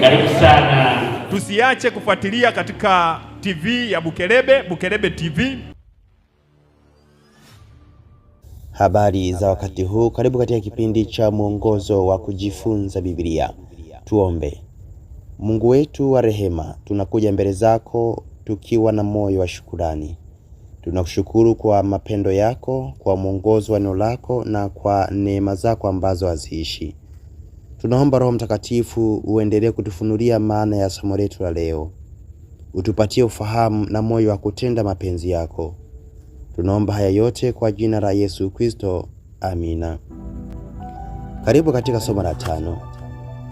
Karibu sana. Tusiache kufuatilia katika TV ya Bukelebe, Bukelebe TV. Habari za wakati huu, karibu katika kipindi cha mwongozo wa kujifunza Biblia. Tuombe. Mungu wetu wa rehema, tunakuja mbele zako tukiwa na moyo wa shukurani. Tunakushukuru kwa mapendo yako, kwa mwongozo wa neno lako na kwa neema zako ambazo haziishi. Tunaomba Roho Mtakatifu uendelee kutufunulia maana ya somo letu la leo, utupatie ufahamu na moyo wa kutenda mapenzi yako. Tunaomba haya yote kwa jina la Yesu Kristo, amina. Karibu katika somo la tano,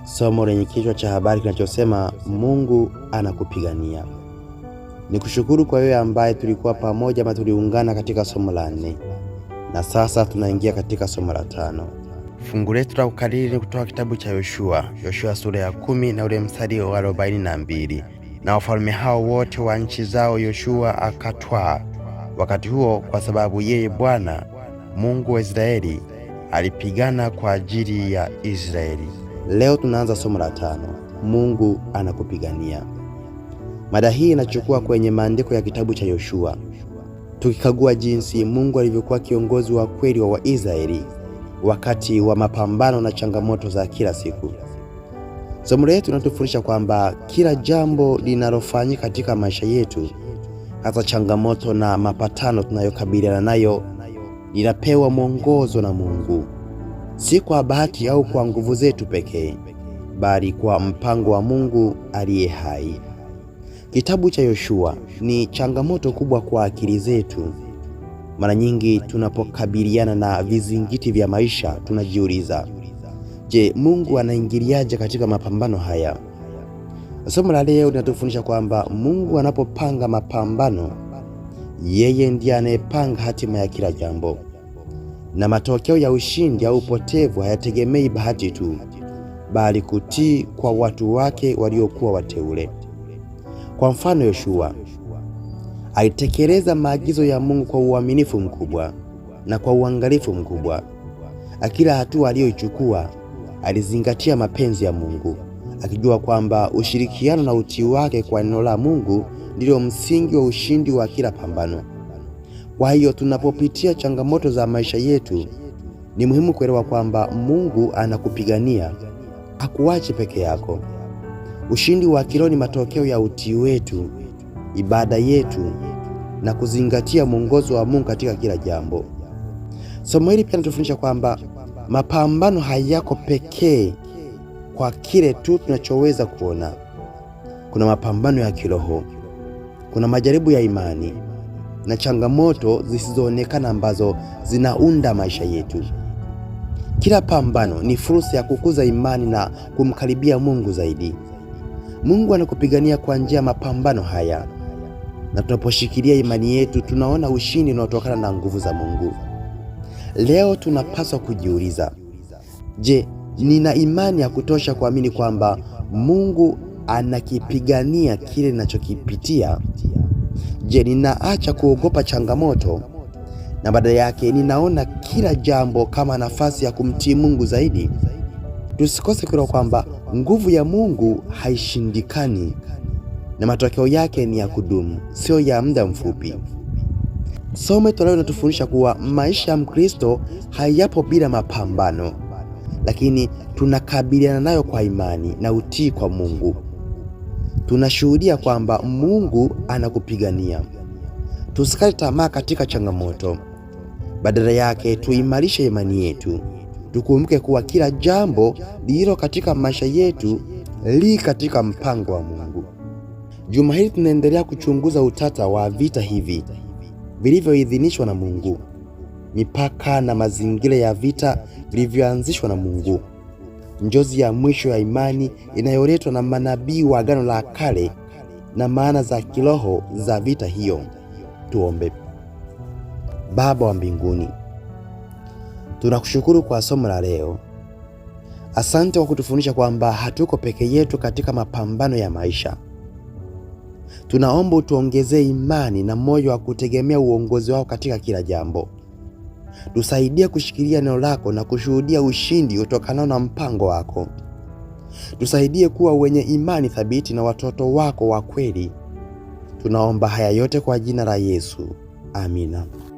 somo lenye kichwa cha habari kinachosema Mungu anakupigania. Nikushukuru kwa wewe ambaye tulikuwa pamoja ama tuliungana katika somo la nne, na sasa tunaingia katika somo la tano. Fungu letu la ukariri kutoka kitabu cha Yoshua, Yoshua sura ya kumi na ule mstari wa arobaini na mbili. Na wafalme hao wote wa nchi zao Yoshua akatwaa wakati huo, kwa sababu yeye Bwana Mungu wa Israeli alipigana kwa ajili ya Israeli. Leo tunaanza somo la tano, Mungu anakupigania. Mada hii inachukua kwenye maandiko ya kitabu cha Yoshua, tukikagua jinsi Mungu alivyokuwa kiongozi wa kweli wa Waisraeli wakati wa mapambano na changamoto za kila siku. Somo letu linatufundisha kwamba kila jambo linalofanyika katika maisha yetu, hasa changamoto na mapatano tunayokabiliana nayo, linapewa mwongozo na Mungu, si kwa bahati au kwa nguvu zetu pekee, bali kwa mpango wa Mungu aliye hai. Kitabu cha Yoshua ni changamoto kubwa kwa akili zetu mara nyingi tunapokabiliana na vizingiti vya maisha tunajiuliza, je, Mungu anaingiliaje katika mapambano haya? Somo la leo linatufundisha kwamba Mungu anapopanga mapambano, yeye ndiye anayepanga hatima ya kila jambo, na matokeo ya ushindi au upotevu hayategemei bahati tu, bali kutii kwa watu wake waliokuwa wateule. Kwa mfano, Yoshua Alitekeleza maagizo ya Mungu kwa uaminifu mkubwa na kwa uangalifu mkubwa. Akila hatua aliyoichukua alizingatia mapenzi ya Mungu, akijua kwamba ushirikiano na utii wake kwa neno la Mungu ndilo msingi wa ushindi wa kila pambano. Kwa hiyo tunapopitia changamoto za maisha yetu, ni muhimu kuelewa kwamba Mungu anakupigania, akuache peke yako. Ushindi wa kiroho ni matokeo ya utii wetu ibada yetu na kuzingatia mwongozo wa Mungu katika kila jambo. Somo hili pia natufundisha kwamba mapambano hayako pekee kwa kile tu tunachoweza kuona. Kuna mapambano ya kiroho, kuna majaribu ya imani na changamoto zisizoonekana ambazo zinaunda maisha yetu. Kila pambano ni fursa ya kukuza imani na kumkaribia Mungu zaidi. Mungu anakupigania kwa njia ya mapambano haya na tunaposhikilia imani yetu tunaona ushindi unaotokana na nguvu za Mungu. Leo tunapaswa kujiuliza, je, nina imani ya kutosha kuamini kwamba Mungu anakipigania kile ninachokipitia? Je, ninaacha kuogopa changamoto na badala yake ninaona kila jambo kama nafasi ya kumtii Mungu zaidi? Tusikose kuelewa kwamba nguvu ya Mungu haishindikani na matokeo yake ni ya kudumu, sio ya muda mfupi. Somo leo linatufundisha kuwa maisha ya Mkristo hayapo bila mapambano, lakini tunakabiliana nayo kwa imani na utii kwa Mungu. Tunashuhudia kwamba Mungu anakupigania. Tusikate tamaa katika changamoto, badala yake tuimarishe imani yetu. Tukumbuke kuwa kila jambo lililo katika maisha yetu li katika mpango wa Mungu. Juma hili tunaendelea kuchunguza utata wa vita hivi vilivyoidhinishwa na Mungu, mipaka na mazingira ya vita vilivyoanzishwa na Mungu, njozi ya mwisho ya imani inayoletwa na manabii wa Agano la Kale na maana za kiroho za vita hiyo. Tuombe. Baba wa mbinguni, tunakushukuru kwa somo la leo. Asante kwa kutufundisha kwamba hatuko peke yetu katika mapambano ya maisha. Tunaomba utuongezee imani na moyo wa kutegemea uongozi wao katika kila jambo. Tusaidie kushikilia neno lako na kushuhudia ushindi utokanao na mpango wako. Tusaidie kuwa wenye imani thabiti na watoto wako wa kweli. Tunaomba haya yote kwa jina la Yesu. Amina.